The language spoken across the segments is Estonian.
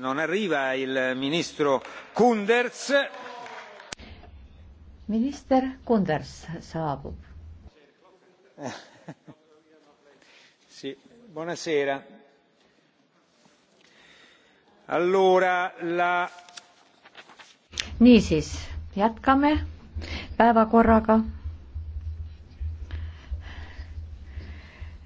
non arriva il ministro Kunders. minister Kunders saabub. Sì, buonasera. Allora la niisiis, jätkame päevakorraga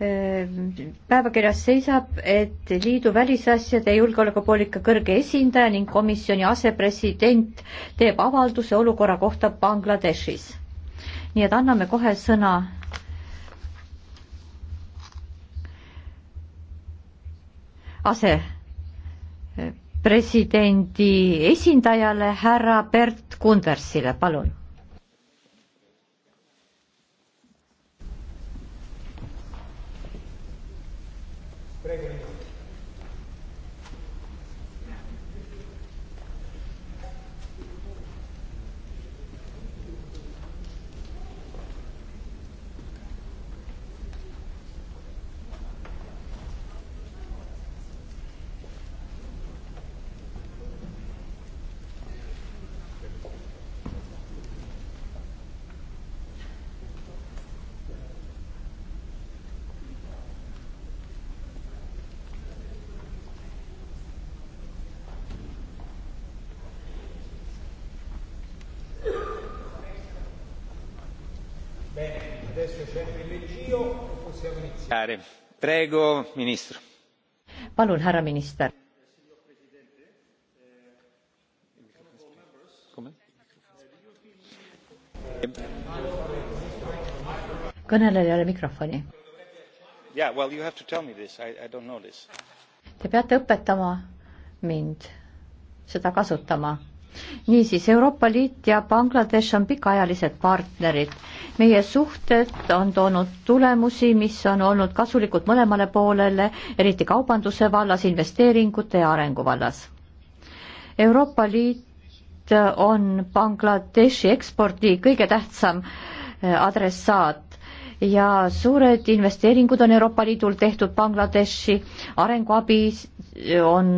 Ehm, päevakirjas seisab, et liidu välisasjade ja julgeolekupoliitika kõrge esindaja ning komisjoni asepresident teeb avalduse olukorra kohta Bangladeshis. nii et anname kohe sõna asepresidendi esindajale, härra Bert Kundersile, palun palun, härra minister. kõnelejal ei ole mikrofoni. Yeah, well, you have to tell me this. I, I don't know this. Te peate õpetama mind seda kasutama niisiis, Euroopa Liit ja Bangladesh on pikaajalised partnerid. meie suhted on toonud tulemusi, mis on olnud kasulikud mõlemale poolele, eriti kaubanduse vallas, investeeringute ja arengu vallas. Euroopa Liit on Bangladeshi ekspordi kõige tähtsam äh, adressaat ja suured investeeringud on Euroopa Liidul tehtud Bangladeshi, arenguabi on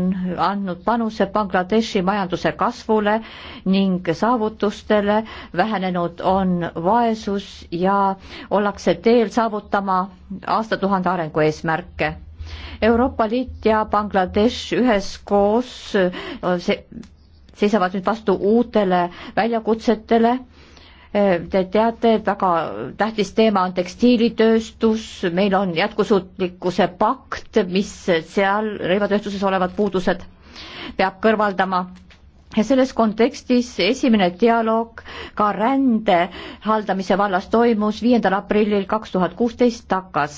andnud panuse Bangladeshi majanduse kasvule ning saavutustele, vähenenud on vaesus ja ollakse teel saavutama aastatuhande arengu eesmärke Euroopa Liit ja Bangladesh üheskoos äh, seisavad nüüd vastu uutele väljakutsetele Te teate, et väga tähtis teema on tekstiilitööstus, meil on jätkusuutlikkuse pakt, mis seal rõivatööstuses olevad puudused peab kõrvaldama ja selles kontekstis esimene dialoog ka rände haldamise vallas toimus viiendal aprillil kaks tuhat kuusteist Takas.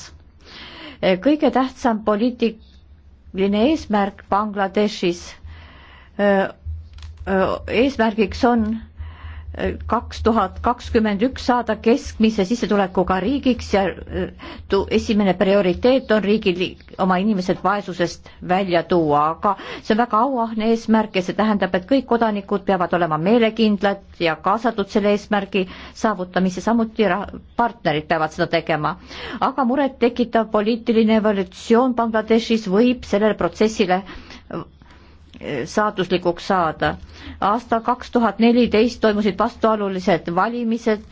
kõige tähtsam poliitiline eesmärk Bangladeshis, eesmärgiks on kaks tuhat kakskümmend üks saada keskmise sissetulekuga riigiks ja äh, esimene prioriteet on riigil oma inimesed vaesusest välja tuua, aga see on väga auahne eesmärk ja see tähendab, et kõik kodanikud peavad olema meelekindlad ja kaasatud selle eesmärgi saavutamisse, samuti partnerid peavad seda tegema. aga murettekitav poliitiline evolutsioon Bangladeshis võib sellele protsessile saatuslikuks saada. aastal kaks tuhat neliteist toimusid vastuolulised valimised,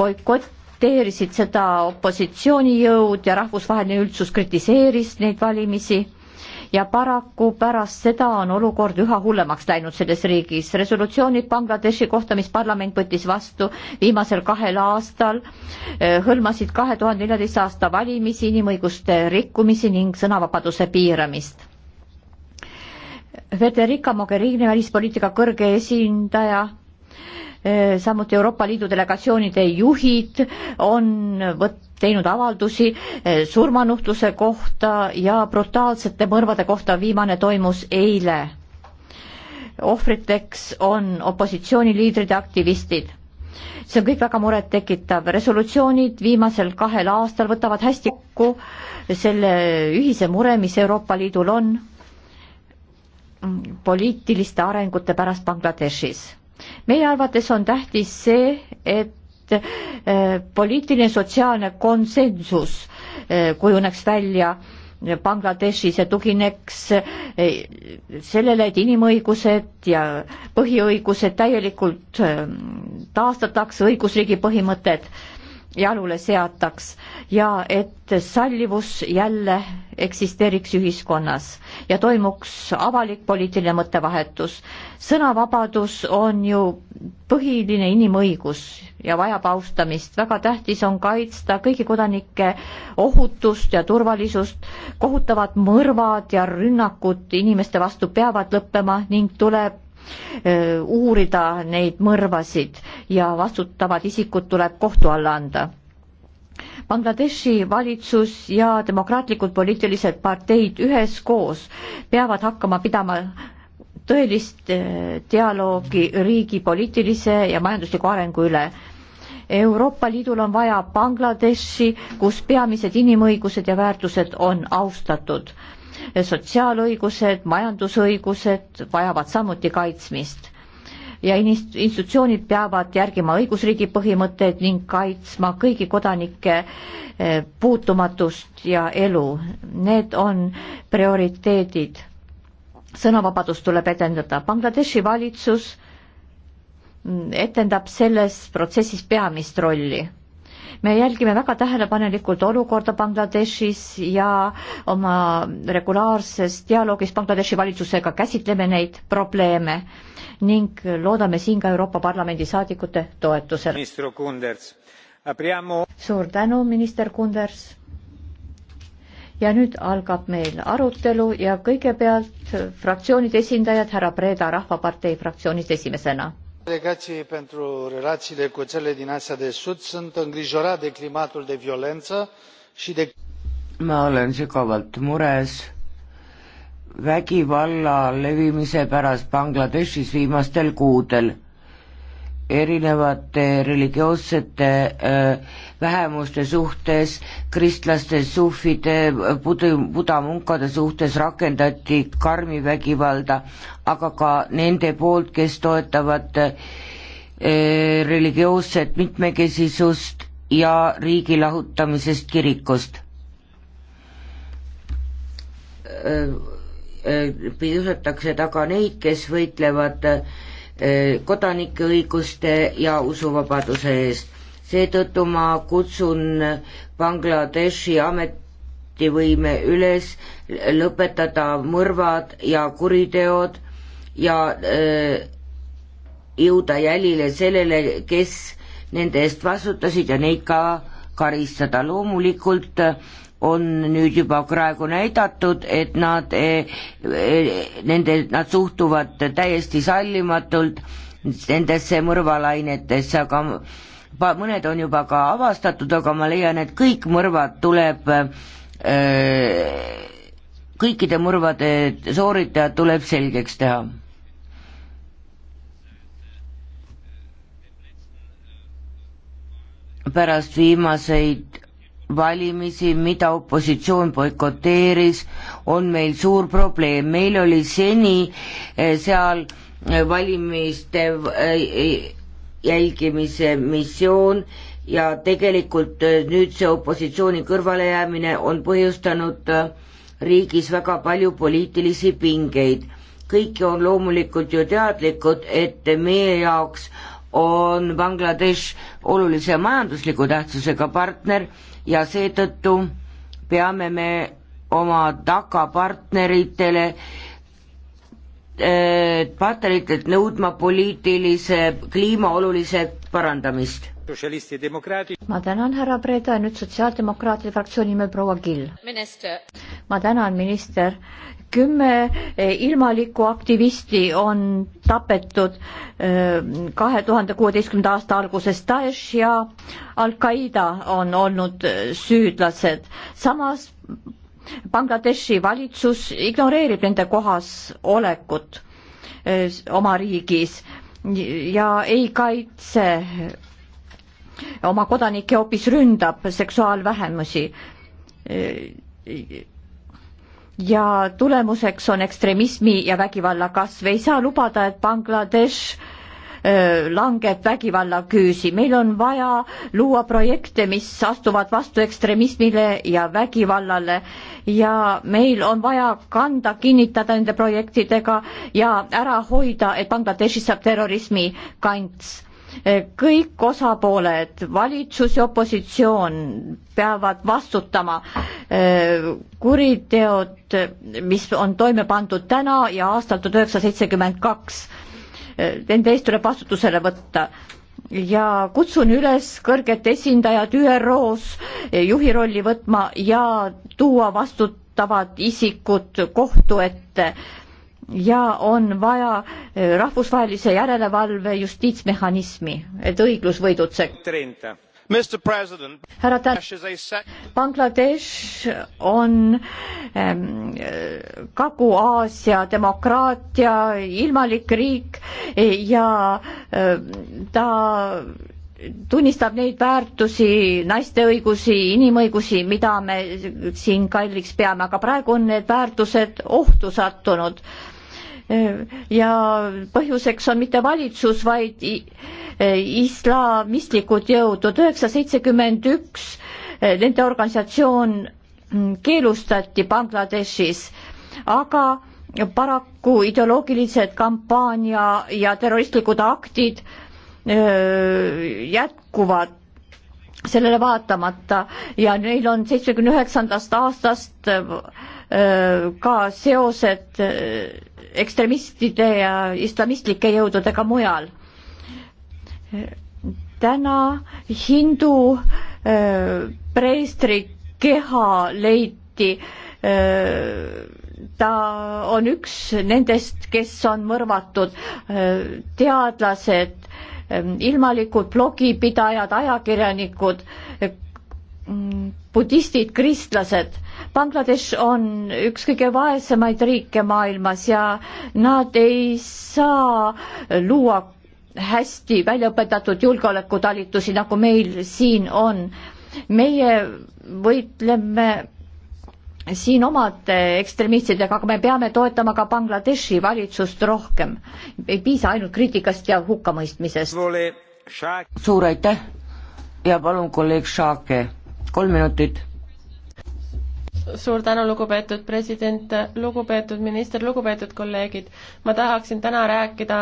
boikoteerisid seda opositsioonijõud ja rahvusvaheline üldsus kritiseeris neid valimisi ja paraku pärast seda on olukord üha hullemaks läinud selles riigis. resolutsioonid Bangladeshi kohta, mis parlament võttis vastu viimasel kahel aastal, eh, hõlmasid kahe tuhande neljateist aasta valimisi, inimõiguste rikkumisi ning sõnavabaduse piiramist Federica Mogherini, välispoliitika kõrge esindaja, eh, samuti Euroopa Liidu delegatsioonide juhid on võt-, teinud avaldusi eh, surmanuhtluse kohta ja brutaalsete mõrvade kohta, viimane toimus eile. ohvriteks on opositsiooniliidrid ja aktivistid. see on kõik väga murettekitav, resolutsioonid viimasel kahel aastal võtavad hästi kokku selle ühise mure, mis Euroopa Liidul on Mm, poliitiliste arengute pärast Bangladeshis. meie arvates on tähtis see, et eh, poliitiline sotsiaalne konsensus eh, kujuneks välja Bangladeshis ja tugineks eh, sellele, et inimõigused ja põhiõigused täielikult taastataks, õigusriigi põhimõtted jalule seataks ja et sallivus jälle eksisteeriks ühiskonnas ja toimuks avalik poliitiline mõttevahetus. sõnavabadus on ju põhiline inimõigus ja vajab austamist. väga tähtis on kaitsta kõigi kodanike ohutust ja turvalisust. kohutavad mõrvad ja rünnakud inimeste vastu peavad lõppema ning tuleb uurida neid mõrvasid ja vastutavad isikud tuleb kohtu alla anda. Bangladeshi valitsus ja demokraatlikud poliitilised parteid üheskoos peavad hakkama pidama tõelist dialoogi riigi poliitilise ja majandusliku arengu üle. Euroopa Liidul on vaja Bangladeshi, kus peamised inimõigused ja väärtused on austatud sotsiaalõigused, majandusõigused vajavad samuti kaitsmist ja institutsioonid peavad järgima õigusriigi põhimõtteid ning kaitsma kõigi kodanike eh, puutumatust ja elu. Need on prioriteedid. sõnavabadust tuleb edendada. Bangladeshi valitsus mm, etendab selles protsessis peamist rolli me jälgime väga tähelepanelikult olukorda Bangladeshis ja oma regulaarses dialoogis Bangladeshi valitsusega käsitleme neid probleeme ning loodame siin ka Euroopa Parlamendi saadikute toetusele. Apriamo... suur tänu, minister Kunders. ja nüüd algab meil arutelu ja kõigepealt fraktsioonide esindajad, härra Breda Rahvapartei fraktsioonist esimesena delegației pentru relațiile cu țările din asia de sud sunt îngrijorat de climatul de violență și de. ma olen sügavalt mures vägivalla levimise pärast Bangladeshis viimastel kuudel erinevate religioossete äh, vähemuste suhtes, kristlaste, sufide, buda munkade suhtes rakendati karmi vägivalda, aga ka nende poolt, kes toetavad äh, religioosset mitmekesisust ja riigi lahutamisest kirikust. Äh, pidusetakse taga neid, kes võitlevad äh, Eh, kodanike õiguste ja usuvabaduse eest. seetõttu ma kutsun Bangladeshi ametivõime üles lõpetada mõrvad ja kuriteod ja öö, eh, jõuda jälile sellele, kes nende eest vastutasid ja neid ka karistada. loomulikult on nüüd juba praegu näidatud, et nad, eh, eh, nende, nad suhtuvad täiesti sallimatult nendesse mõrvalainetesse, aga mõned on juba ka avastatud, aga ma leian, et kõik mõrvad tuleb eh, kõikide mõrvade sooritajad tuleb selgeks teha pärast viimaseid valimisi, mida opositsioon boikoteeris, on meil suur probleem, meil oli seni eh, seal eh, valimiste eh, jälgimise missioon ja tegelikult nüüd see opositsiooni kõrvalejäämine on põhjustanud riigis väga palju poliitilisi pingeid. kõik on loomulikult ju teadlikud, et meie jaoks on Bangladesh olulise majandusliku tähtsusega partner ja seetõttu peame me oma tagapartneritele eh, partneritelt nõudma poliitilise kliima olulise parandamist. ma tänan, härra Breda, nüüd sotsiaaldemokraatide fraktsiooni nimel proua Kill. ma tänan, minister kümme eh, ilmalikku aktivisti on tapetud eh, kahe tuhande kuueteistkümnenda aasta alguses. Daesh ja Al-Qaeda on olnud eh, süüdlased. samas Bangladeshi valitsus ignoreerib nende kohas olekut oma riigis ja ei kaitse oma kodanikke, hoopis ründab seksuaalvähemusi ja tulemuseks on ekstremismi ja vägivalla kasv. ei saa lubada, et Bangladesh äh, langeb vägivallaküüsi. meil on vaja luua projekte, mis astuvad vastu ekstremismile ja vägivallale ja meil on vaja kanda, kinnitada nende projektidega ja ära hoida, et Bangladeshis saab terrorismi kants kõik osapooled, valitsus ja opositsioon peavad vastutama eh, kuriteod, mis on toime pandud täna ja aastal tuhat üheksasada seitsekümmend kaks. Eh, nende eest tuleb vastutusele võtta ja kutsun üles kõrged esindajad ÜRO-s eh, juhi rolli võtma ja tuua vastutavad isikud kohtu ette ja on vaja eh, rahvusvahelise järelevalve justiitsmehhanismi, et õiglus võidutseks. härra Tän-, Bangladesh on ähm, Kagu-Aasia demokraatia ilmalik riik eh, ja ähm, ta tunnistab neid väärtusi, naiste õigusi, inimõigusi, mida me siin kalliks peame, aga praegu on need väärtused ohtu sattunud ja põhjuseks on mitte valitsus, vaid islamistlikud jõud. tuhat üheksasada seitsekümmend üks nende organisatsioon keelustati Bangladeshis, aga paraku ideoloogilised kampaania ja terroristlikud aktid jätkuvad sellele vaatamata ja neil on seitsmekümne üheksandast aastast ka seosed ekstremistide ja islamistlike jõududega mujal. täna hindu äh, preestri keha leiti. Äh, ta on üks nendest, kes on mõrvatud, äh, teadlased, ilmalikud blogipidajad, ajakirjanikud mm, budistid, kristlased. Bangladesh on üks kõige vaesemaid riike maailmas ja nad ei saa luua hästi välja õpetatud julgeolekutalitusi, nagu meil siin on. meie võitleme siin omad ekstremistidega, aga me peame toetama ka Bangladeshi valitsust rohkem. ei piisa ainult kriitikast ja hukkamõistmisest. suur aitäh ja palun kolleeg Šake kolm minutit. suur tänu, lugupeetud president, lugupeetud minister, lugupeetud kolleegid. ma tahaksin täna rääkida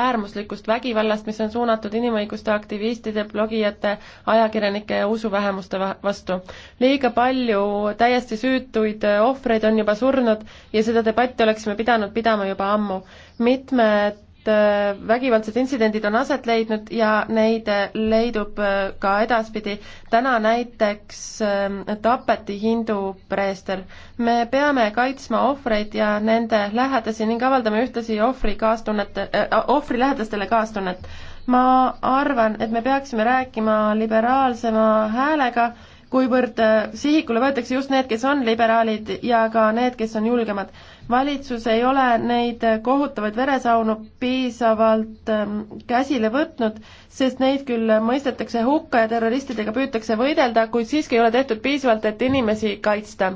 äärmuslikust vägivallast, mis on suunatud inimõiguste aktivistide, blogijate, ajakirjanike ja usuvähemuste vastu. liiga palju täiesti süütuid ohvreid on juba surnud ja seda debatti oleksime pidanud pidama juba ammu. mitmed et äh, vägivaldsed intsidendid on aset leidnud ja neid äh, leidub äh, ka edaspidi. täna näiteks ähm, tapeti hindu preester. me peame kaitsma ohvreid ja nende lähedasi ning avaldame ühtlasi ohvri kaastunnet äh,, ohvri lähedastele kaastunnet. ma arvan, et me peaksime rääkima liberaalsema häälega kuivõrd sihikule võetakse just need, kes on liberaalid ja ka need, kes on julgemad valitsus ei ole neid kohutavaid veresaunu piisavalt ähm, käsile võtnud, sest neid küll mõistetakse hukka ja terroristidega püütakse võidelda, kuid siiski ei ole tehtud piisavalt, et inimesi kaitsta.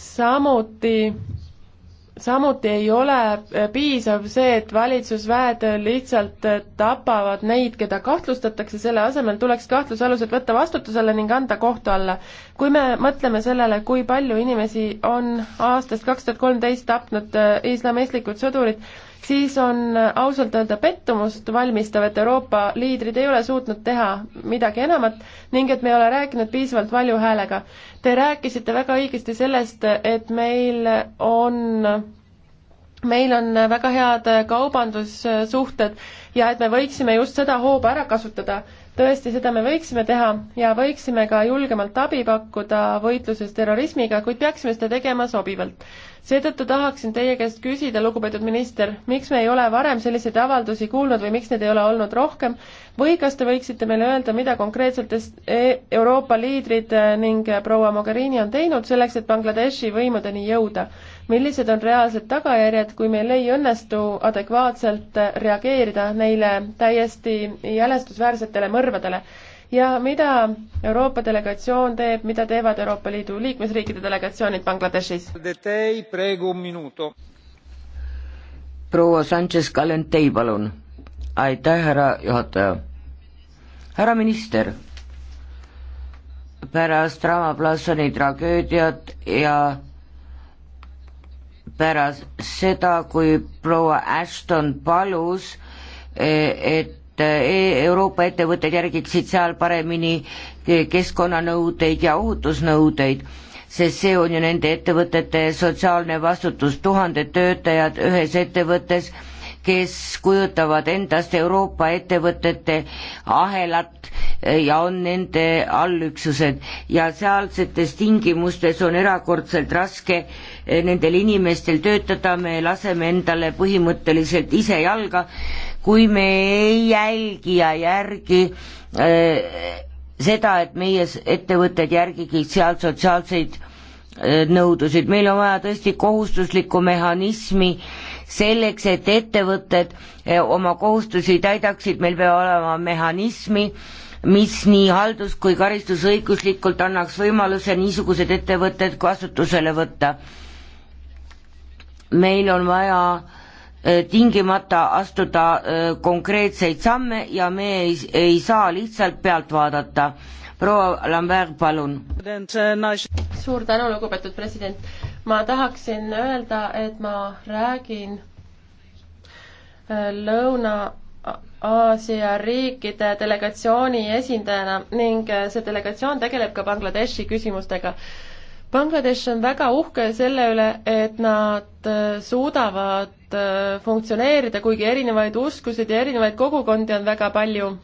samuti samuti ei ole äh, piisav see, et valitsusväed lihtsalt äh, tapavad neid, keda kahtlustatakse, selle asemel tuleks kahtlusalused võtta vastutusele ning anda kohtu alla. kui me mõtleme sellele, kui palju inimesi on aastast kaks tuhat kolmteist tapnud äh, islamistlikud sõdurid, siis on ausalt öelda pettumust valmistav, et Euroopa liidrid ei ole suutnud teha midagi enamat ning et me ei ole rääkinud piisavalt valju häälega. Te rääkisite väga õigesti sellest, et meil on meil on väga head kaubandussuhted ja et me võiksime just seda hooba ära kasutada. tõesti, seda me võiksime teha ja võiksime ka julgemalt abi pakkuda võitluses terrorismiga, kuid peaksime seda tegema sobivalt seetõttu tahaksin teie käest küsida, lugupeetud minister, miks me ei ole varem selliseid avaldusi kuulnud või miks neid ei ole olnud rohkem või kas te võiksite meile öelda, mida konkreetselt e-, Euroopa liidrid äh, ning äh, proua Mogherini on teinud selleks, et Bangladeshi võimudeni jõuda? millised on reaalsed tagajärjed, kui meil ei õnnestu adekvaatselt äh, reageerida neile täiesti jälestusväärsetele mõrvadele? ja mida Euroopa delegatsioon teeb, mida teevad Euroopa Liidu liikmesriikide delegatsioonid Bangladeshis? proua Sanchez Calentei, palun. aitäh, härra juhataja. härra minister, pärast Rama Plassoni tragöödiat ja pärast seda, kui proua Ashton palus, eh, et et e, Euroopa ettevõtted järgiksid seal paremini keskkonnanõudeid ja ohutusnõudeid, sest see on ju nende ettevõtete sotsiaalne vastutus, tuhanded töötajad ühes ettevõttes, kes kujutavad endast Euroopa ettevõtete ahelat ja on nende allüksused ja sealsetes tingimustes on erakordselt raske e, nendel inimestel töötada, me laseme endale põhimõtteliselt ise jalga kui me ei jälgi ja järgi äh, seda, et meie ettevõtted järgiksid seal sotsiaalseid äh, nõudusid, meil on vaja tõesti kohustuslikku mehhanismi selleks, et ettevõtted äh, oma kohustusi täidaksid, meil peab olema mehhanismi, mis nii haldus- kui karistusõiguslikult annaks võimaluse niisugused ettevõtted vastutusele võtta. meil on vaja äh, Äh, tingimata astuda äh, konkreetseid samme ja me ei, ei saa lihtsalt pealt vaadata. proua Lambert, palun. suur tänu, lugupeetud president. ma tahaksin öelda, et ma räägin äh, Lõuna Aasia riikide delegatsiooni esindajana ning see delegatsioon tegeleb ka Bangladeshi küsimustega. Bangladesh on väga uhke selle üle, et nad suudavad ühiselt äh, funktsioneerida, kuigi erinevaid uskusid ja erinevaid kogukondi on väga palju.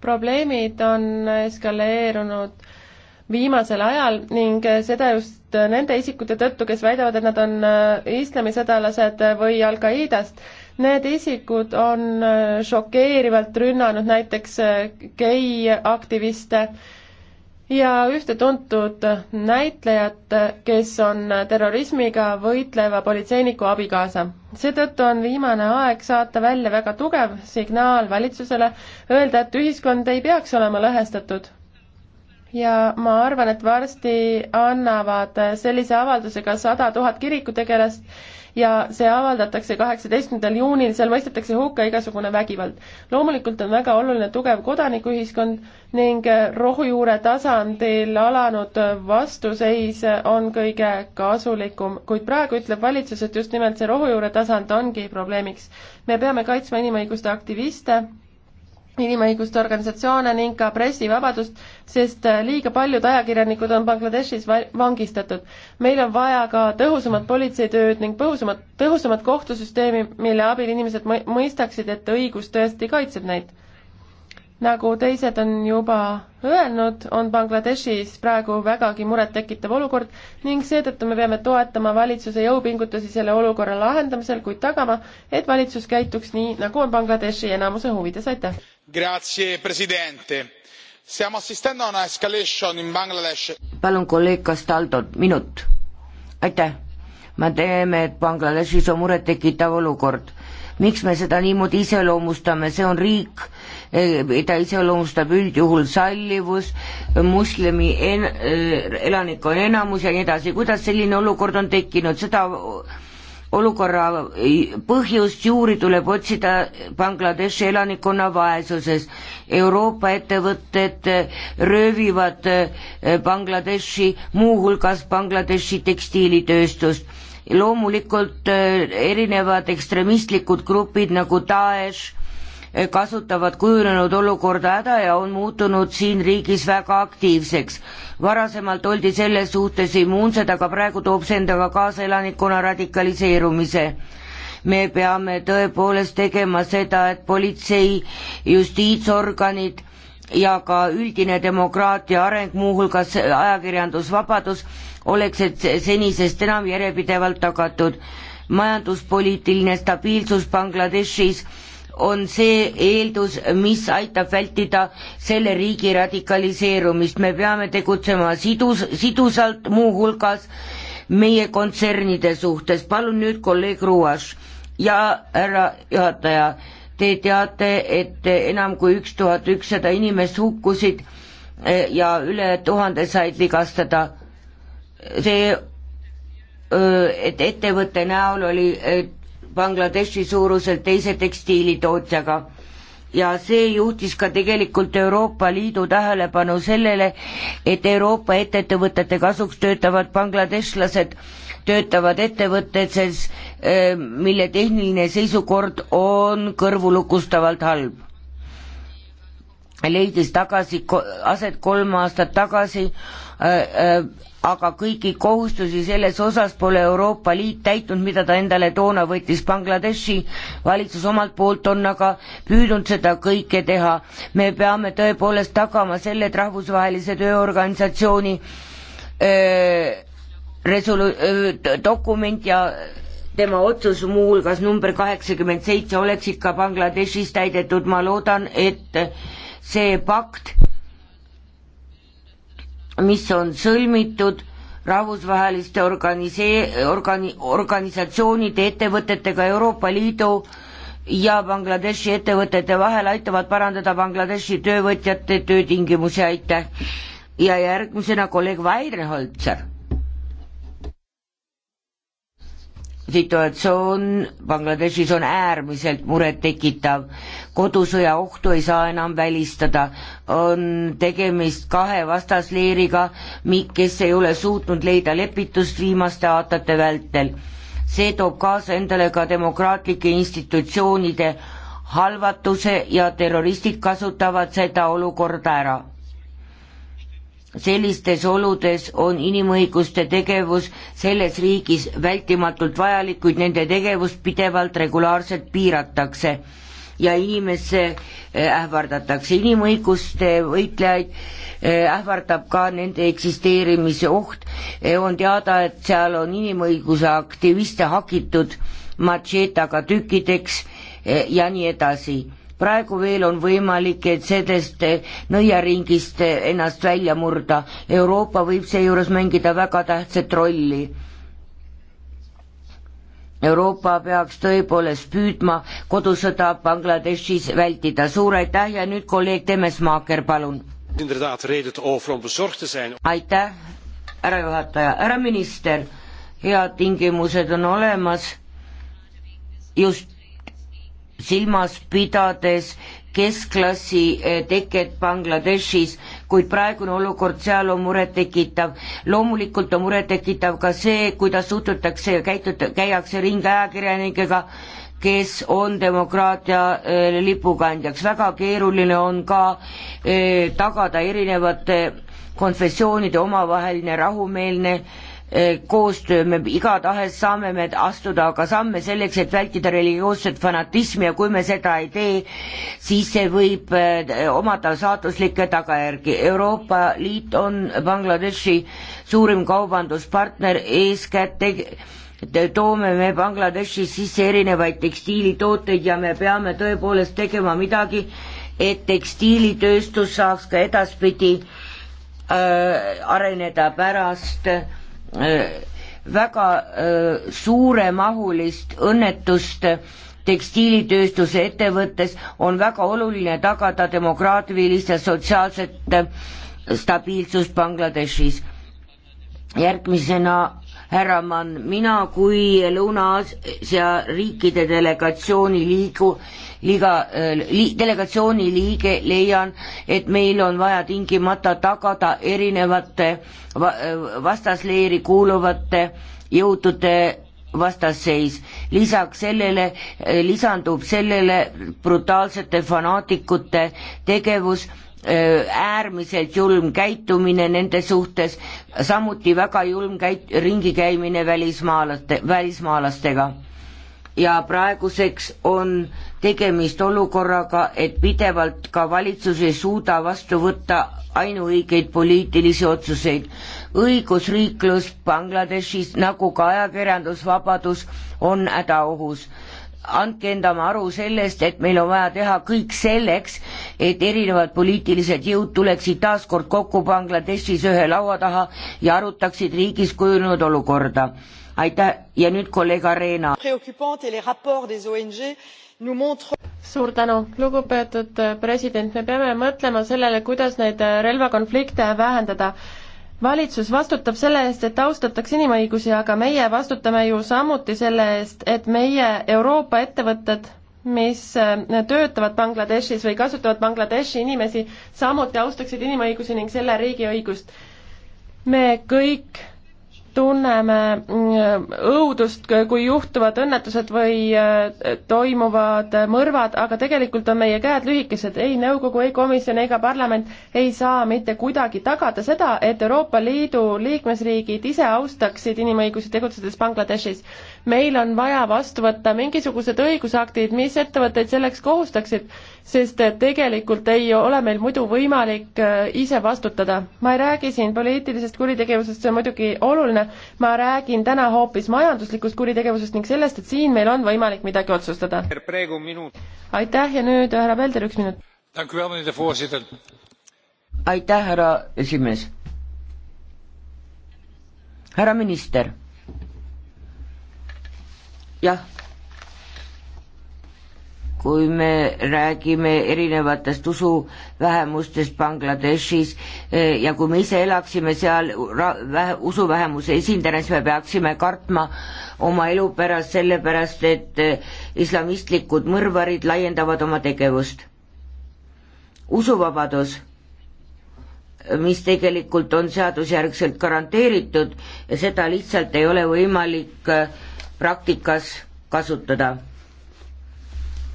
probleemid on eskaleerunud viimasel ajal ning äh, seda just äh, nende isikute tõttu, kes väidavad, et nad on islamisõdalased või Al-Qaedast. Need isikud on šokeerivalt rünnanud näiteks geiaktiviste, ja ühte tuntud näitlejat, kes on terrorismiga võitleva politseiniku abikaasa. seetõttu on viimane aeg saata välja väga tugev signaal valitsusele, öelda, et ühiskond ei peaks olema lõhestatud. ja ma arvan, et varsti annavad sellise avalduse ka sada tuhat kirikutegelast, ja see avaldatakse kaheksateistkümnendal juunil, seal mõistetakse hukka igasugune vägivald. loomulikult on väga oluline tugev kodanikuühiskond ning rohujuure tasandil alanud vastuseis on kõige kasulikum, kuid praegu ütleb valitsus, et just nimelt see rohujuure tasand ongi probleemiks. me peame kaitsma inimõiguste aktiviste, inimõiguste organisatsioone ning ka pressivabadust, sest äh, liiga paljud ajakirjanikud on Bangladeshis vangistatud. meil on vaja ka tõhusamat politseitööd ning põhusamat, tõhusamat kohtusüsteemi, mille abil inimesed mõistaksid, et õigus tõesti kaitseb neid nagu teised on juba öelnud, on Bangladeshis praegu vägagi murettekitav olukord ning seetõttu me peame toetama valitsuse jõupingutusi selle olukorra lahendamisel, kuid tagama, et valitsus käituks nii, nagu on Bangladeshi enamuse huvides, aitäh! palun kolleeg Castaldo, minut. aitäh! me teeme, et Bangladeshis on murettekitav olukord miks me seda niimoodi iseloomustame, see on riik, mida eh, iseloomustab üldjuhul sallivus, moslemi en-, eh, elanikkonna enamus ja nii edasi, kuidas selline olukord on tekkinud, seda olukorra põhjust juuri tuleb otsida Bangladeshi elanikkonna vaesuses. Euroopa ettevõtted eh, röövivad Bangladeshi, muuhulgas Bangladeshi tekstiilitööstust loomulikult äh, erinevad ekstremistlikud grupid nagu Daesh äh, kasutavad kujunenud olukorda häda ja on muutunud siin riigis väga aktiivseks. varasemalt oldi selles suhtes immuunsed, aga praegu toob see endaga kaasa elanikkonna radikaliseerumise me peame tõepoolest tegema seda, et politsei, justiitsorganid ja ka üldine demokraatia areng, muuhulgas ajakirjandusvabadus, oleksid senisest enam järjepidevalt tagatud. majanduspoliitiline stabiilsus Bangladeshis on see eeldus, mis aitab vältida selle riigi radikaliseerumist, me peame tegutsema sidus, sidusalt, muuhulgas meie kontsernide suhtes, palun nüüd kolleeg Ruas ja härra juhataja Te teate, et enam kui üks tuhat ükssada inimest hukkusid eh, ja üle tuhande said vigastada. see, eh, et ettevõtte näol oli eh, Bangladeshi suuruselt teise tekstiilitootjaga ja see juhtis ka tegelikult Euroopa Liidu tähelepanu sellele, et Euroopa ettevõtete kasuks töötavad bangladeshlased töötavad ettevõtetes, Eh, mille tehniline seisukord on kõrvulukustavalt halb. leidis tagasi, aset kolm aastat tagasi, eh, eh, aga kõiki kohustusi selles osas pole Euroopa Liit täitnud, mida ta endale toona võttis. Bangladeshi valitsus omalt poolt on aga püüdnud seda kõike teha. me peame tõepoolest tagama selle, et rahvusvahelise tööorganisatsiooni resolu-, dokument ja tema otsus muuhulgas number kaheksakümmend seitse oleks ikka Bangladeshis täidetud, ma loodan, et see pakt, mis on sõlmitud rahvusvaheliste organisee-, organi-, organisatsioonide, ettevõtetega Euroopa Liidu ja Bangladeshi ettevõtete vahel aitavad parandada Bangladeshi töövõtjate töötingimusi, aitäh! ja järgmisena kolleeg Vairholtser situatsioon Bangladeshis on äärmiselt murettekitav. kodusõja ohtu ei saa enam välistada, on tegemist kahe vastasleeriga, kes ei ole suutnud leida lepitust viimaste aastate vältel. see toob kaasa endale ka demokraatlike institutsioonide halvatuse ja terroristid kasutavad seda olukorda ära sellistes oludes on inimõiguste tegevus selles riigis vältimatult vajalik, kuid nende tegevust pidevalt regulaarselt piiratakse ja inimesse äh, ähvardatakse. inimõiguste võitlejaid äh, ähvardab ka nende eksisteerimise oht. Äh, on teada, et seal on inimõiguse aktiviste hakitud matšeetaga tükkideks ja nii edasi praegu veel on võimalik, et sellest eh, nõiaringist eh, ennast välja murda. Euroopa võib seejuures mängida väga tähtsat rolli. Euroopa peaks tõepoolest püüdma kodusõda Bangladeshis vältida. suur aitäh ja nüüd kolleeg Temesmaaker, palun. aitäh, härra juhataja, härra minister, head tingimused on olemas just silmas pidades keskklassi eh, teket Bangladeshis, kuid praegune olukord seal on murettekitav. loomulikult on murettekitav ka see, kuidas suhtutakse ja käitut-, käiakse ringi ajakirjanikega, kes on demokraatia eh, lipukandjaks. väga keeruline on ka eh, tagada erinevate konfessioonide omavaheline rahumeelne Eh, koostöö, me igatahes saame me astuda aga samme selleks, et vältida religioosset fanatismi ja kui me seda ei tee, siis see võib eh, omada saatuslikke tagajärgi. Euroopa Liit on Bangladeshi suurim kaubanduspartner, eeskätt teg-, toome me Bangladeshis sisse erinevaid tekstiilitooteid ja me peame tõepoolest tegema midagi, et tekstiilitööstus saaks ka edaspidi äh, areneda pärast äh, Äh, väga äh, suuremahulist õnnetust tekstiilitööstuse ettevõttes on väga oluline tagada demograafilist ja sotsiaalset stabiilsust Bangladeshis. järgmisena härra Mann, mina kui Lõuna-Aasia riikide delegatsiooni liigu, liiga äh, li,, delegatsiooni liige leian, et meil on vaja tingimata tagada erinevate vastasleeri kuuluvate jõudude vastasseis. lisaks sellele, äh, lisandub sellele brutaalsete fanaatikute tegevus, äärmiselt julm käitumine nende suhtes, samuti väga julm käit-, ringikäimine välismaalaste, välismaalastega. ja praeguseks on tegemist olukorraga, et pidevalt ka valitsus ei suuda vastu võtta ainuõigeid poliitilisi otsuseid. õigusriiklus Bangladeshis nagu ka ajakirjandusvabadus on hädaohus andke endama aru sellest, et meil on vaja teha kõik selleks, et erinevad poliitilised jõud tuleksid taas kord kokku Bangladeshis ühe laua taha ja arutaksid riigis kujunenud olukorda. aitäh ja nüüd kolleeg Arena. suur tänu, lugupeetud president, me peame mõtlema sellele, kuidas neid relvakonflikte vähendada valitsus vastutab selle eest, et austatakse inimõigusi, aga meie vastutame ju samuti selle eest, et meie Euroopa ettevõtted, mis äh, töötavad Bangladeshis või kasutavad Bangladeshi inimesi, samuti austaksid inimõigusi ning selle riigi õigust. me kõik tunneme mm, õudust, kui juhtuvad õnnetused või äh, toimuvad mõrvad, aga tegelikult on meie käed lühikesed, ei nõukogu, ei komisjon ega parlament ei saa mitte kuidagi tagada seda, et Euroopa Liidu liikmesriigid ise austaksid inimõigusi tegutsedes Bangladeshis meil on vaja vastu võtta mingisugused õigusaktid, mis ettevõtteid selleks kohustaksid, sest tegelikult ei ole meil muidu võimalik äh, ise vastutada. ma ei räägi siin poliitilisest kuritegevusest, see on muidugi oluline, ma räägin täna hoopis majanduslikust kuritegevusest ning sellest, et siin meil on võimalik midagi otsustada. aitäh ja nüüd härra Pelder, üks minut. aitäh, härra esimees härra minister jah, kui me räägime erinevatest usuvähemustest Bangladeshis eh, ja kui me ise elaksime seal vähe, usuvähemuse esindajana, siis me peaksime kartma oma elu pärast, sellepärast et eh, islamistlikud mõrvarid laiendavad oma tegevust. usuvabadus, mis tegelikult on seadusjärgselt garanteeritud, seda lihtsalt ei ole võimalik äh, praktikas kasutada.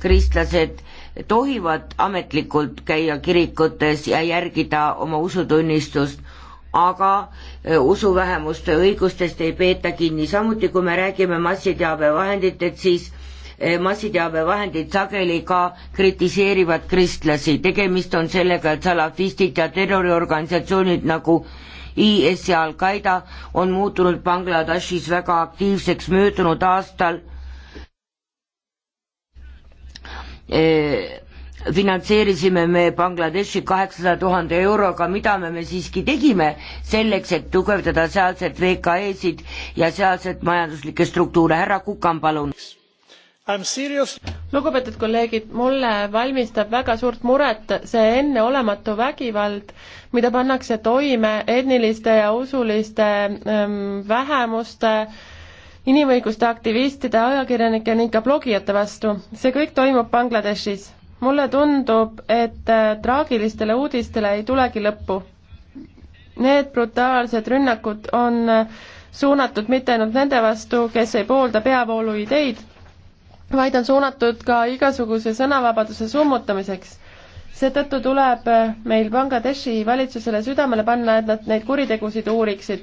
kristlased tohivad ametlikult käia kirikutes ja järgida oma usutunnistust, aga eh, usuvähemuste õigustest ei peeta kinni, samuti kui me räägime massiteabevahenditest, siis eh, massiteabevahendid sageli ka kritiseerivad kristlasi, tegemist on sellega, et salafistid ja terroriorganisatsioonid nagu IS ja Al-Qaeda on muutunud Bangladeshis väga aktiivseks möödunud aastal eh, finantseerisime me Bangladeshi kaheksasaja tuhande euroga, mida me, me siiski tegime selleks, et tugevdada sealset VKE-sid ja sealset majanduslikke struktuure, härra Kukan, palun lugupeetud kolleegid, mulle valmistab väga suurt muret see enneolematu vägivald, mida pannakse toime etniliste ja usuliste ähm, vähemuste inimõiguste aktivistide, ajakirjanike ning ka blogijate vastu. see kõik toimub Bangladeshis. mulle tundub, et äh, traagilistele uudistele ei tulegi lõppu. Need brutaalsed rünnakud on äh, suunatud mitte ainult nende vastu, kes ei poolda peavoolu ideid, vaid on suunatud ka igasuguse sõnavabaduse summutamiseks. seetõttu tuleb meil Bangladeshi valitsusele südamele panna, et nad neid kuritegusid uuriksid.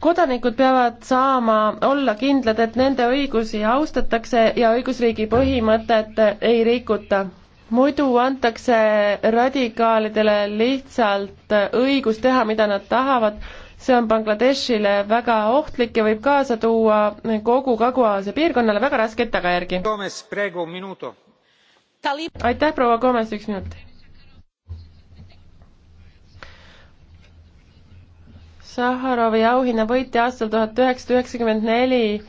kodanikud peavad saama olla kindlad, et nende õigusi austatakse ja õigusriigi põhimõtet ei rikuta. muidu antakse radikaalidele lihtsalt õigus teha, mida nad tahavad see on Bangladeshile väga ohtlik ja võib kaasa tuua kogu Kagu-Aasia piirkonnale väga raskeid tagajärgi. aitäh, proua Gomes, üks minut. Saharovi auhinna võitja aastal tuhat üheksasada üheksakümmend neli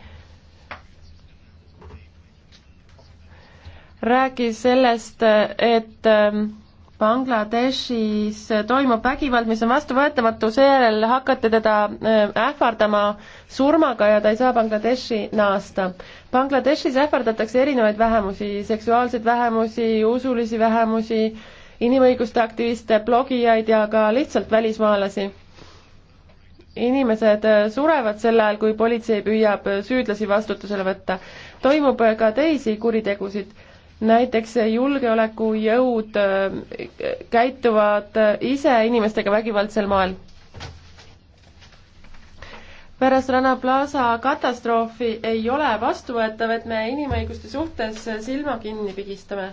rääkis sellest, et ähm, Bangladeshis toimub vägivald, mis on vastuvõetamatu, seejärel hakati teda äh, ähvardama surmaga ja ta ei saa Bangladeshi naasta. Bangladeshis ähvardatakse erinevaid vähemusi, seksuaalseid vähemusi, usulisi vähemusi, inimõiguste aktiviste, blogijaid ja ka lihtsalt välismaalasi. inimesed äh, surevad sel ajal, kui politsei püüab süüdlasi vastutusele võtta. toimub äh, ka teisi kuritegusid näiteks julgeolekujõud äh, käituvad äh, ise inimestega vägivaldsel moel. pärast Rana Plaza katastroofi ei ole vastuvõetav, et me inimõiguste suhtes silma kinni pigistame.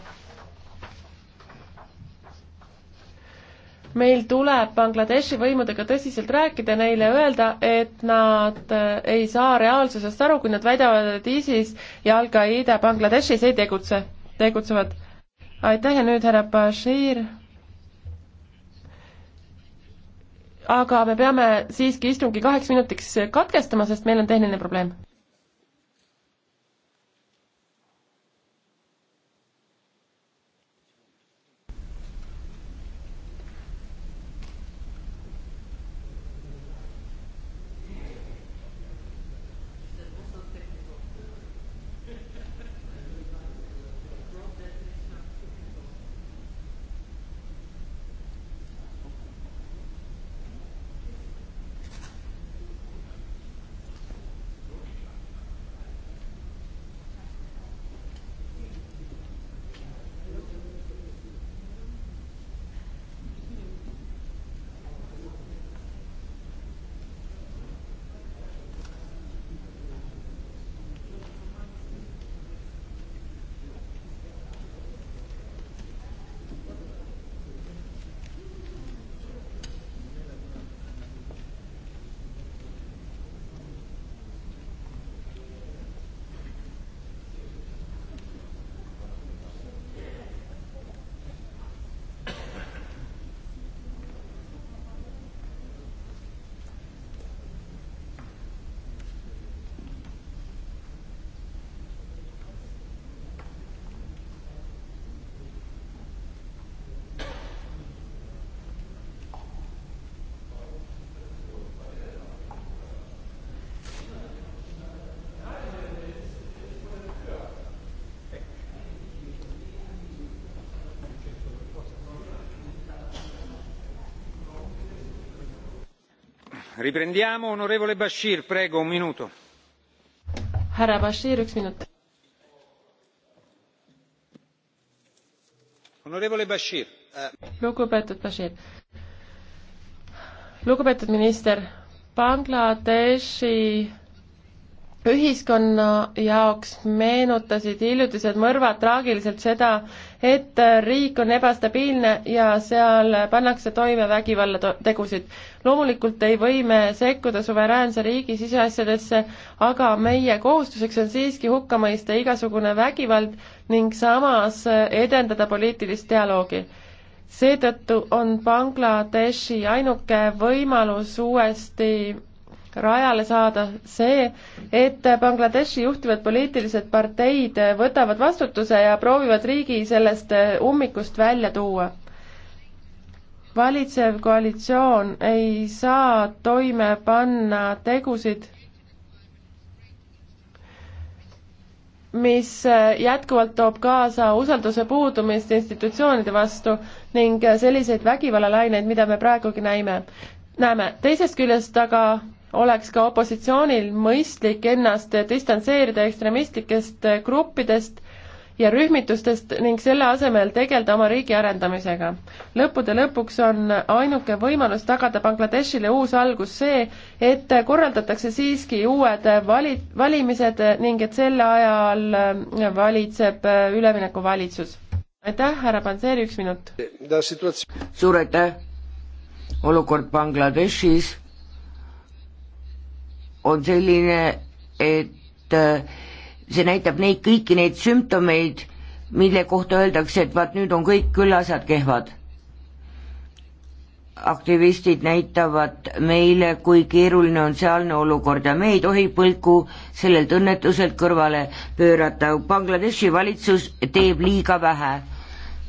meil tuleb Bangladeshi võimudega tõsiselt rääkida, neile öelda, et nad äh, ei saa reaalsusest aru, kui nad väidavad, et ISIS ja Al-Qaeda Bangladeshis ei tegutse tegutsevad. aitäh ja nüüd härra Bashir. aga me peame siiski istungi kaheks minutiks katkestama, sest meil on tehniline probleem. Riprendiamo, onorevole Bashir, prego, un minuto. härra Bashir, üks minut. onorevole Bashir äh.... lugupeetud Bashir. lugupeetud minister, Bangladeshi ühiskonna jaoks meenutasid hiljutised mõrvad traagiliselt seda, et riik on ebastabiilne ja seal pannakse toime vägivallategusid. loomulikult ei või me sekkuda suveräänse riigi siseasjadesse, aga meie kohustuseks on siiski hukka mõista igasugune vägivald ning samas edendada poliitilist dialoogi seetõttu on Bangladeshi ainuke võimalus uuesti rajale saada see, et Bangladeshi juhtivad poliitilised parteid võtavad vastutuse ja proovivad riigi sellest ummikust välja tuua. valitsev koalitsioon ei saa toime panna tegusid, mis jätkuvalt toob kaasa usalduse puudumist institutsioonide vastu ning selliseid vägivallalaineid, mida me praegugi näime. näeme, teisest küljest aga oleks ka opositsioonil mõistlik ennast distantseerida ekstremistlikest gruppidest ja rühmitustest ning selle asemel tegeleda oma riigi arendamisega. lõppude lõpuks on ainuke võimalus tagada Bangladeshile uus algus see, et korraldatakse siiski uued vali-, valimised ning et selle ajal valitseb üleminekuvalitsus. aitäh, härra Panseri, üks minut. suur aitäh! olukord Bangladeshis on selline, et äh, see näitab neid kõiki neid sümptomeid, mille kohta öeldakse, et vaat nüüd on kõik küll asjad kehvad. aktivistid näitavad meile, kui keeruline on sealne olukord ja me ei tohi põlku sellelt õnnetuselt kõrvale pöörata. Bangladeshi valitsus teeb liiga vähe.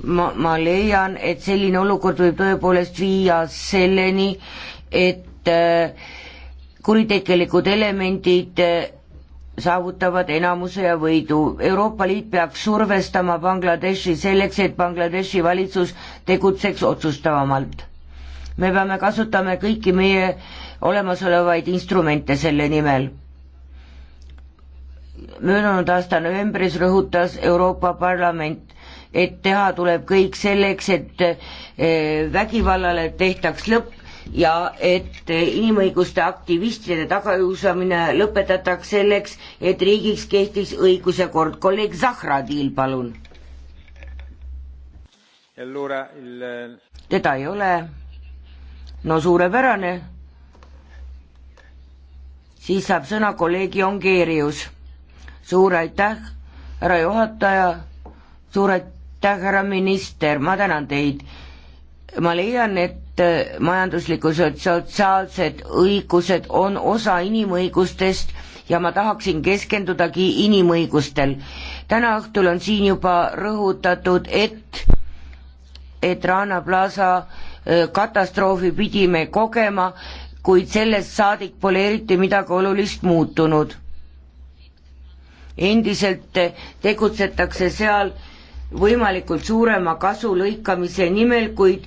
ma, ma leian, et selline olukord võib tõepoolest viia selleni, et äh, kuritegelikud elemendid äh, saavutavad enamuse ja võidu. Euroopa Liit peaks survestama Bangladeshi selleks, et Bangladeshi valitsus tegutseks otsustavamalt. me peame kasutama kõiki meie olemasolevaid instrumente selle nimel. möödunud aasta novembris rõhutas Euroopa Parlament, et teha tuleb kõik selleks, et äh, vägivallale tehtaks lõpp ja et inimõiguste aktivistide tagajõusamine lõpetataks selleks, et riigiks kehtiks õiguse kord. kolleeg Zahradil, palun. teda ei ole. no suurepärane. siis saab sõna kolleeg Jongeerius. suur aitäh, härra juhataja, suur aitäh, härra minister, ma tänan teid. ma leian, et et äh, majanduslikud sotsiaalsed õigused on osa inimõigustest ja ma tahaksin keskendudagi inimõigustel. täna õhtul on siin juba rõhutatud, et, et Rana Plaza äh, katastroofi pidime kogema, kuid sellest saadik pole eriti midagi olulist muutunud. endiselt äh, tegutsetakse seal võimalikult suurema kasu lõikamise nimel, kuid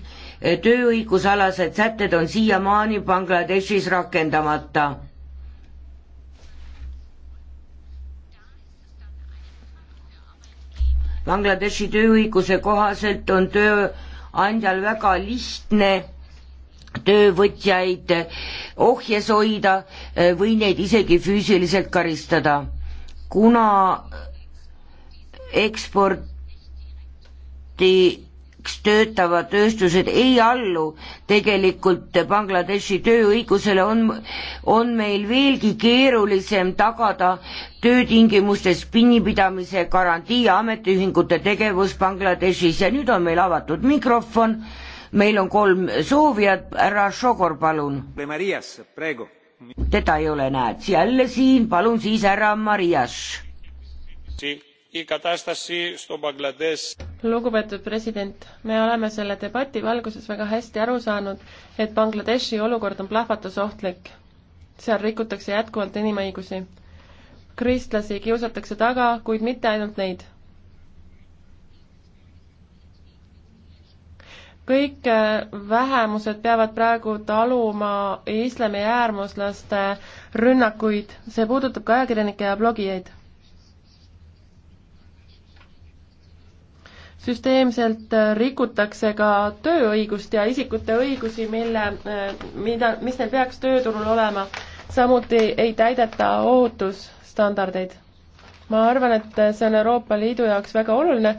tööõigusalased sätted on siiamaani Bangladeshis rakendamata Bangladeshi tööõiguse kohaselt on tööandjal väga lihtne töövõtjaid ohjes hoida eh, või neid isegi füüsiliselt karistada. kuna eksporti töötavad tööstused ei allu tegelikult Bangladeshi tööõigusele, on, on meil veelgi keerulisem tagada töötingimustes kinnipidamise garantii ametiühingute tegevus Bangladeshis ja nüüd on meil avatud mikrofon, meil on kolm soovijat, härra Šogor, palun. teda ei ole, näed, jälle siin, palun siis härra Marias si lugupeetud president, me oleme selle debati valguses väga hästi aru saanud, et Bangladeshi olukord on plahvatusohtlik. seal rikutakse jätkuvalt inimõigusi. kristlasi kiusatakse taga, kuid mitte ainult neid kõik äh, vähemused peavad praegu taluma islami äärmuslaste rünnakuid, see puudutab ka ajakirjanikke ja blogijaid. süsteemselt äh, rikutakse ka tööõigust ja isikute õigusi, mille, äh, mida, mis neil peaks tööturul olema. samuti ei täideta ohutusstandardeid. ma arvan, et äh, see on Euroopa Liidu jaoks väga oluline,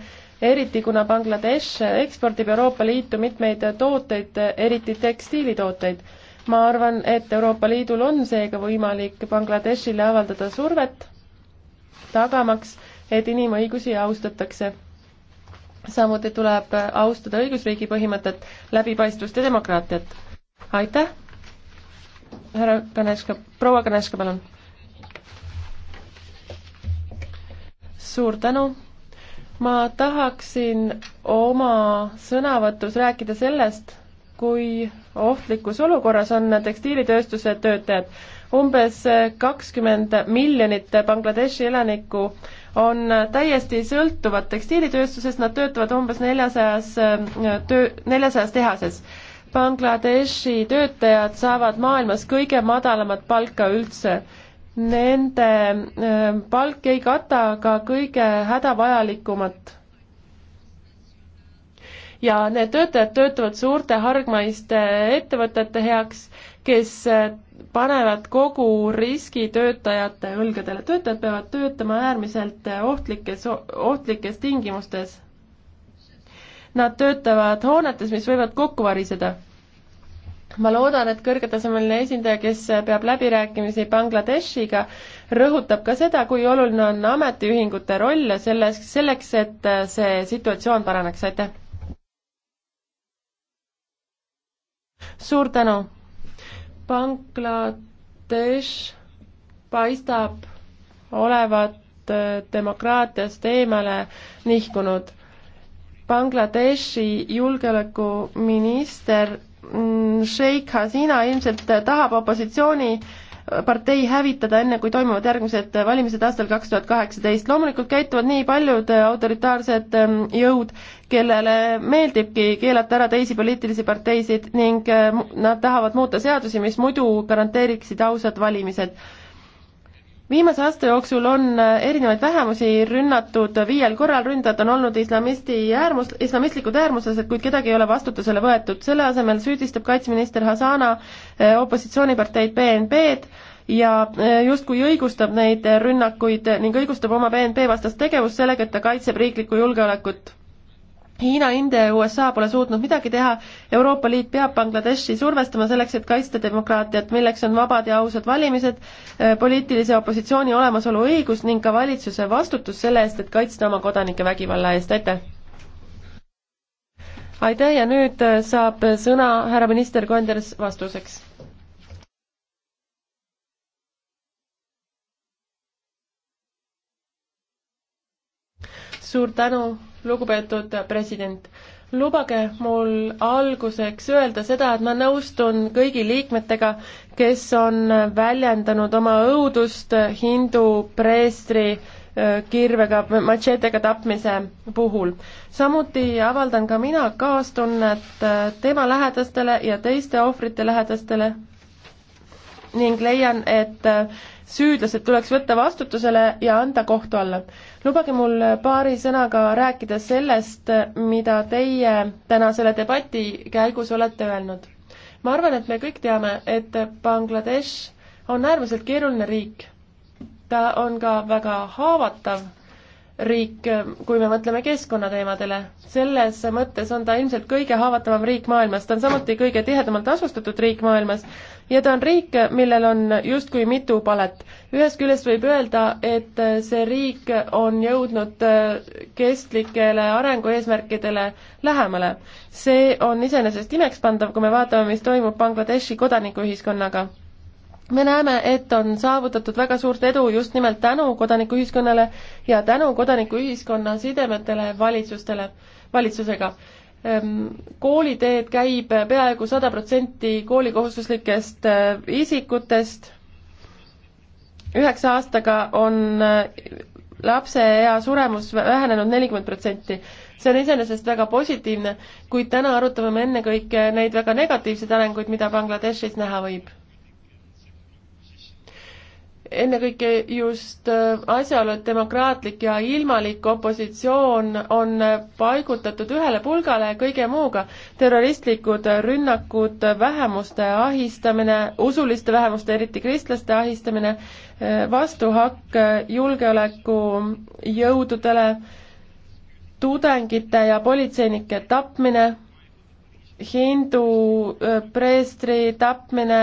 eriti kuna Bangladesh ekspordib Euroopa Liitu mitmeid tooteid, eriti tekstiilitooteid. ma arvan, et Euroopa Liidul on seega võimalik Bangladeshile avaldada survet, tagamaks, et inimõigusi austatakse samuti tuleb austada õigusriigi põhimõtet, läbipaistvust ja demokraatiat. aitäh, härra Kaneška, proua Kaneška, palun. suur tänu. ma tahaksin oma sõnavõtus rääkida sellest, kui ohtlikus olukorras on tekstiilitööstuse töötajad. umbes kakskümmend miljonit Bangladeshi elanikku on täiesti sõltuvad tekstiilitööstusest, nad töötavad umbes neljasajas äh, töö, neljasajas tehases. Bangladeshi töötajad saavad maailmas kõige madalamat palka üldse. Nende äh, palk ei kata ka kõige hädavajalikumat ja need töötajad töötavad suurte hargmaiste ettevõtete heaks kes äh, panevad kogu riski töötajate õlgadele. töötajad peavad töötama äärmiselt äh, ohtlikes, ohtlikes tingimustes. Nad töötavad hoonetes, mis võivad kokku variseda ma loodan, et kõrgetasemeline esindaja, kes äh, peab läbirääkimisi Bangladeshiga, rõhutab ka seda, kui oluline on ametiühingute roll selles, selleks, et see situatsioon paraneks, aitäh! suur tänu! Bangladesh paistab olevat äh, demokraatiast eemale nihkunud. Bangladeshi julgeolekuminister mm, Sheikh Hasina ilmselt äh, tahab opositsiooni partei hävitada, enne kui toimuvad järgmised valimised aastal kaks tuhat kaheksateist. loomulikult käituvad nii paljud äh, autoritaarsed ähm, jõud, kellele meeldibki keelata ära teisi poliitilisi parteisid ning äh, nad tahavad muuta seadusi, mis muidu garanteeriksid ausad valimised viimase aasta jooksul on äh, erinevaid vähemusi rünnatud viiel korral, ründajad on olnud islamisti äärmus, islamistlikud äärmuslased, kuid kedagi ei ole vastutusele võetud. selle asemel süüdistab kaitseminister Hasana äh, opositsiooniparteid BNP-d ja äh, justkui õigustab neid rünnakuid ning õigustab oma BNP vastast tegevust sellega, et ta kaitseb riiklikku julgeolekut Hiina, India ja USA pole suutnud midagi teha, Euroopa Liit peab Bangladeshi survestama selleks, et kaitsta demokraatiat, milleks on vabad ja ausad valimised, äh, poliitilise opositsiooni olemasolu õigus ning ka valitsuse vastutus selle eest, et kaitsta oma kodanikke vägivalla eest, aitäh! aitäh ja nüüd äh, saab äh, sõna härra minister Konders vastuseks suur tänu, lugupeetud president. lubage mul alguseks öelda seda, et ma nõustun kõigi liikmetega, kes on väljendanud oma õudust hindu preestri äh, kirvega, matšeetega tapmise puhul. samuti avaldan ka mina kaastunnet äh, tema lähedastele ja teiste ohvrite lähedastele ning leian, et äh, süüdlased tuleks võtta vastutusele ja anda kohtu alla. lubage mul paari sõnaga rääkida sellest, mida teie täna selle debati käigus olete öelnud. ma arvan, et me kõik teame, et Bangladesh on äärmiselt keeruline riik. ta on ka väga haavatav riik, kui me mõtleme keskkonnateemadele. selles mõttes on ta ilmselt kõige haavatavam riik maailmas, ta on samuti kõige tihedamalt asustatud riik maailmas ja ta on riik, millel on justkui mitu palet. ühest küljest võib öelda, et see riik on jõudnud kestlikele arengueesmärkidele lähemale. see on iseenesest imekspandav, kui me vaatame, mis toimub Bangladeshi kodanikuühiskonnaga me näeme, et on saavutatud väga suurt edu just nimelt tänu kodanikuühiskonnale ja tänu kodanikuühiskonna sidemetele valitsustele, valitsusega. Ehm, kooliteed käib peaaegu sada protsenti koolikohustuslikest eh, isikutest. üheksa aastaga on eh, lapseea suremus vähenenud nelikümmend protsenti see on iseenesest väga positiivne, kuid täna arutame me ennekõike neid väga negatiivseid arenguid, mida Bangladeshis näha võib ennekõike just äh, asjaolu, et demokraatlik ja ilmalik opositsioon on äh, paigutatud ühele pulgale kõige muuga. terroristlikud rünnakud, vähemuste ahistamine, usuliste vähemuste, eriti kristlaste ahistamine, äh, vastuhakk julgeolekujõududele, tudengite ja politseinike tapmine hindu preestri tapmine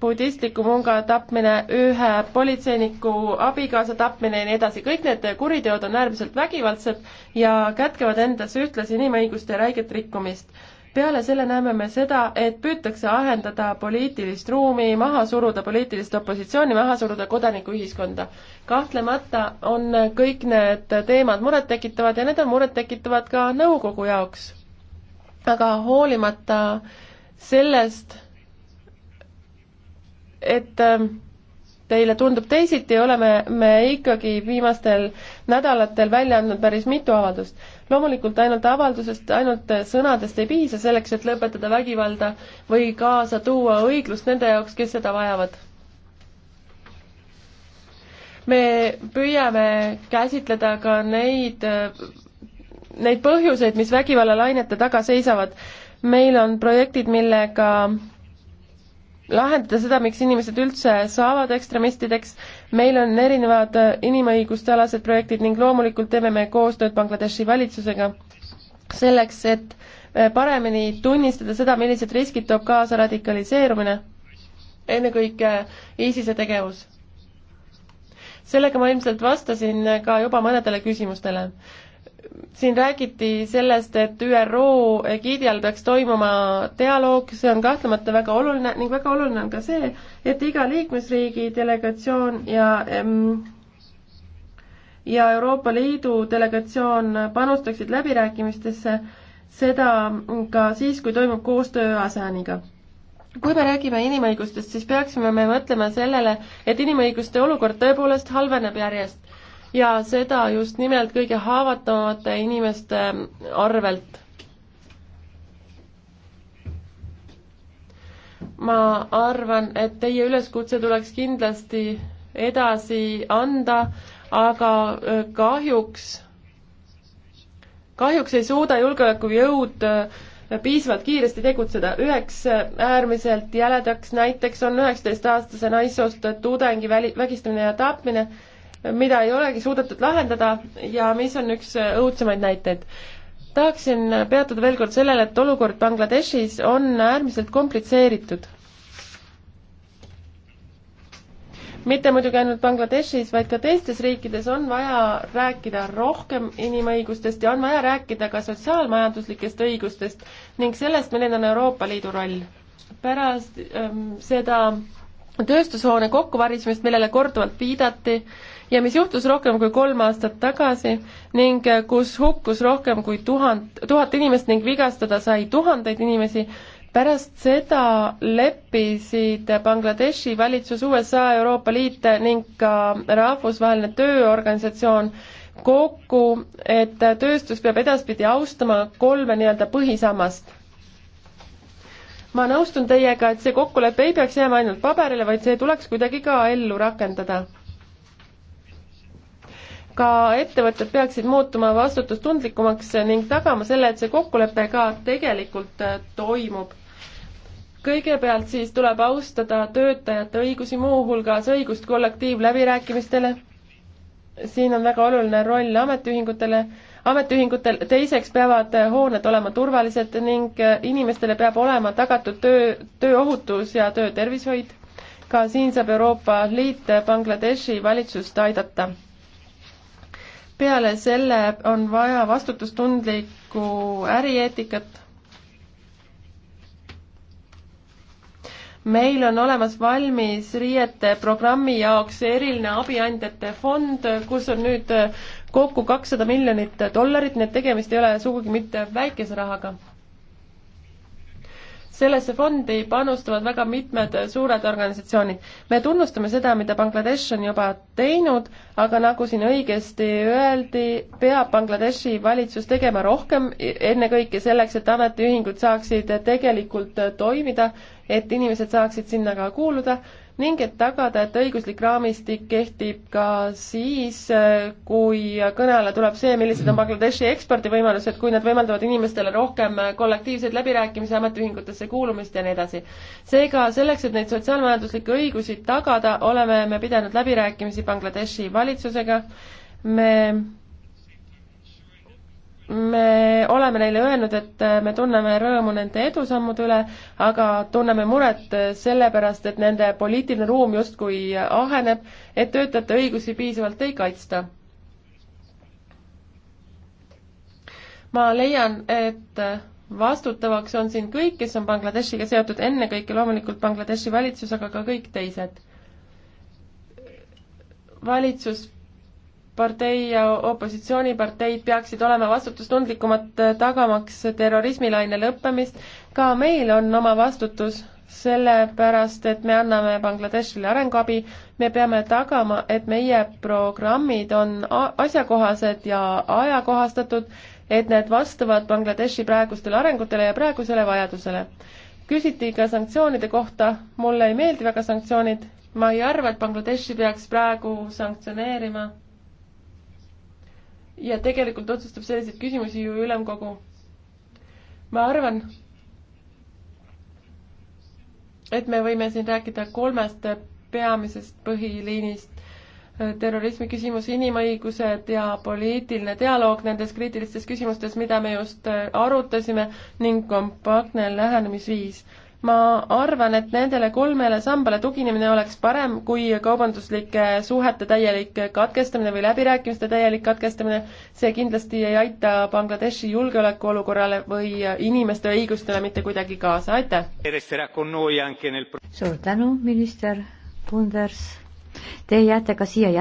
budistliku munga tapmine, ühe politseiniku abikaasa tapmine ja nii edasi, kõik need kuriteod on äärmiselt vägivaldsed ja kätkevad endas ühtlasi inimõiguste räiget rikkumist. peale selle näeme me seda, et püütakse ahendada poliitilist ruumi, maha suruda poliitilist opositsiooni, maha suruda kodanikuühiskonda. kahtlemata on kõik need teemad murettekitavad ja need on murettekitavad ka nõukogu jaoks. aga hoolimata sellest, et ähm, teile tundub teisiti, oleme me ikkagi viimastel nädalatel välja andnud päris mitu avaldust. loomulikult ainult avaldusest, ainult sõnadest ei piisa selleks, et lõpetada vägivalda või kaasa tuua õiglust nende jaoks, kes seda vajavad. me püüame käsitleda ka neid, neid põhjuseid, mis vägivallalainete taga seisavad. meil on projektid, millega lahendada seda, miks inimesed üldse saavad ekstremistideks. meil on erinevad äh, inimõiguste alased projektid ning loomulikult teeme me koostööd Bangladeshi valitsusega selleks, et äh, paremini tunnistada seda, millised riskid toob kaasa radikaliseerumine, ennekõike äh, ISISe tegevus. sellega ma ilmselt vastasin ka juba mõnedele küsimustele siin räägiti sellest, et ÜRO egiidi all peaks toimuma dialoog, see on kahtlemata väga oluline ning väga oluline on ka see, et iga liikmesriigi delegatsioon ja ja Euroopa Liidu delegatsioon panustaksid läbirääkimistesse, seda ka siis, kui toimub koostöö ASEANiga kui me räägime inimõigustest, siis peaksime me mõtlema sellele, et inimõiguste olukord tõepoolest halveneb järjest ja seda just nimelt kõige haavatavamate inimeste arvelt. ma arvan, et teie üleskutse tuleks kindlasti edasi anda, aga äh, kahjuks, kahjuks ei suuda julgeolekujõud äh, piisavalt kiiresti tegutseda. üheks äh, äärmiselt jäledaks näiteks on üheksateistaastase naissoost tudengi väli, vägistamine ja tapmine mida ei olegi suudetud lahendada ja mis on üks õudsemaid näiteid. tahaksin peatuda veel kord sellele, et olukord Bangladeshis on äärmiselt komplitseeritud. mitte muidugi ainult Bangladeshis, vaid ka teistes riikides on vaja rääkida rohkem inimõigustest ja on vaja rääkida ka sotsiaalmajanduslikest õigustest ning sellest, milline on Euroopa Liidu roll. pärast ähm, seda tööstushoone kokkuvarisemist, millele korduvalt viidati ja mis juhtus rohkem kui kolm aastat tagasi ning kus hukkus rohkem kui tuhand, tuhat inimest ning vigastada sai tuhandeid inimesi, pärast seda leppisid Bangladeshi valitsus, USA, Euroopa Liit ning ka Rahvusvaheline Tööorganisatsioon kokku, et tööstus peab edaspidi austama kolme nii-öelda põhisammast ma nõustun teiega, et see kokkulepe ei peaks jääma ainult paberile, vaid see tuleks kuidagi ka ellu rakendada. ka ettevõtted peaksid muutuma vastutustundlikumaks ning tagama selle, et see kokkulepe ka tegelikult äh, toimub kõigepealt siis tuleb austada töötajate õigusi, muuhulgas õigust kollektiivläbirääkimistele. siin on väga oluline roll ametiühingutele ametiühingutel, teiseks peavad hooned olema turvalised ning äh, inimestele peab olema tagatud töö, tööohutus ja töötervishoid. ka siin saab Euroopa Liit Bangladeshi valitsust aidata. peale selle on vaja vastutustundlikku ärieetikat meil on olemas valmis riiete programmi jaoks eriline abiandjate fond, kus on nüüd äh, kokku kakssada miljonit dollarit, nii et tegemist ei ole sugugi mitte väikese rahaga. sellesse fondi panustavad väga mitmed suured organisatsioonid. me tunnustame seda, mida Bangladesh on juba teinud, aga nagu siin õigesti öeldi, peab Bangladeshi valitsus tegema rohkem, ennekõike selleks, et ametiühingud saaksid tegelikult toimida, et inimesed saaksid sinna ka kuuluda ning et tagada, et õiguslik raamistik kehtib ka siis, kui kõne alla tuleb see, millised on Bangladeshi ekspordivõimalused, kui nad võimaldavad inimestele rohkem kollektiivseid läbirääkimisi, ametiühingutesse kuulumist ja nii edasi. seega selleks, et neid sotsiaalmajanduslikke õigusi tagada, oleme me pidanud läbirääkimisi Bangladeshi valitsusega, me me oleme neile öelnud, et äh, me tunneme rõõmu nende edusammude üle, aga tunneme muret äh, sellepärast, et nende poliitiline ruum justkui aheneb, et töötajate õigusi piisavalt ei kaitsta. ma leian, et äh, vastutavaks on siin kõik, kes on Bangladeshiga seotud, ennekõike loomulikult Bangladeshi valitsus, aga ka kõik teised. valitsus partei ja opositsiooniparteid peaksid olema vastutustundlikumad, äh, tagamaks terrorismilaine lõppemist. ka meil on oma vastutus, sellepärast et me anname Bangladeshile arenguabi. me peame tagama, et meie programmid on asjakohased ja ajakohastatud, et need vastavad Bangladeshi praegustele arengutele ja praegusele vajadusele. küsiti ka sanktsioonide kohta, mulle ei meeldi väga sanktsioonid, ma ei arva, et Bangladeshi peaks praegu sanktsioneerima ja tegelikult otsustab selliseid küsimusi ju ülemkogu. ma arvan, et me võime siin rääkida kolmest peamisest põhiliinist. terrorismi küsimus, inimõigused ja poliitiline dialoog nendes kriitilistes küsimustes, mida me just arutasime ning kompaktne lähenemisviis ma arvan, et nendele kolmele sambale tuginemine oleks parem kui kaubanduslike suhete täielik katkestamine või läbirääkimiste täielik katkestamine. see kindlasti ei aita Bangladeshi julgeolekuolukorrale või inimeste õigustele mitte kuidagi kaasa, aitäh! suur tänu, minister Punders. Te jääte ka siia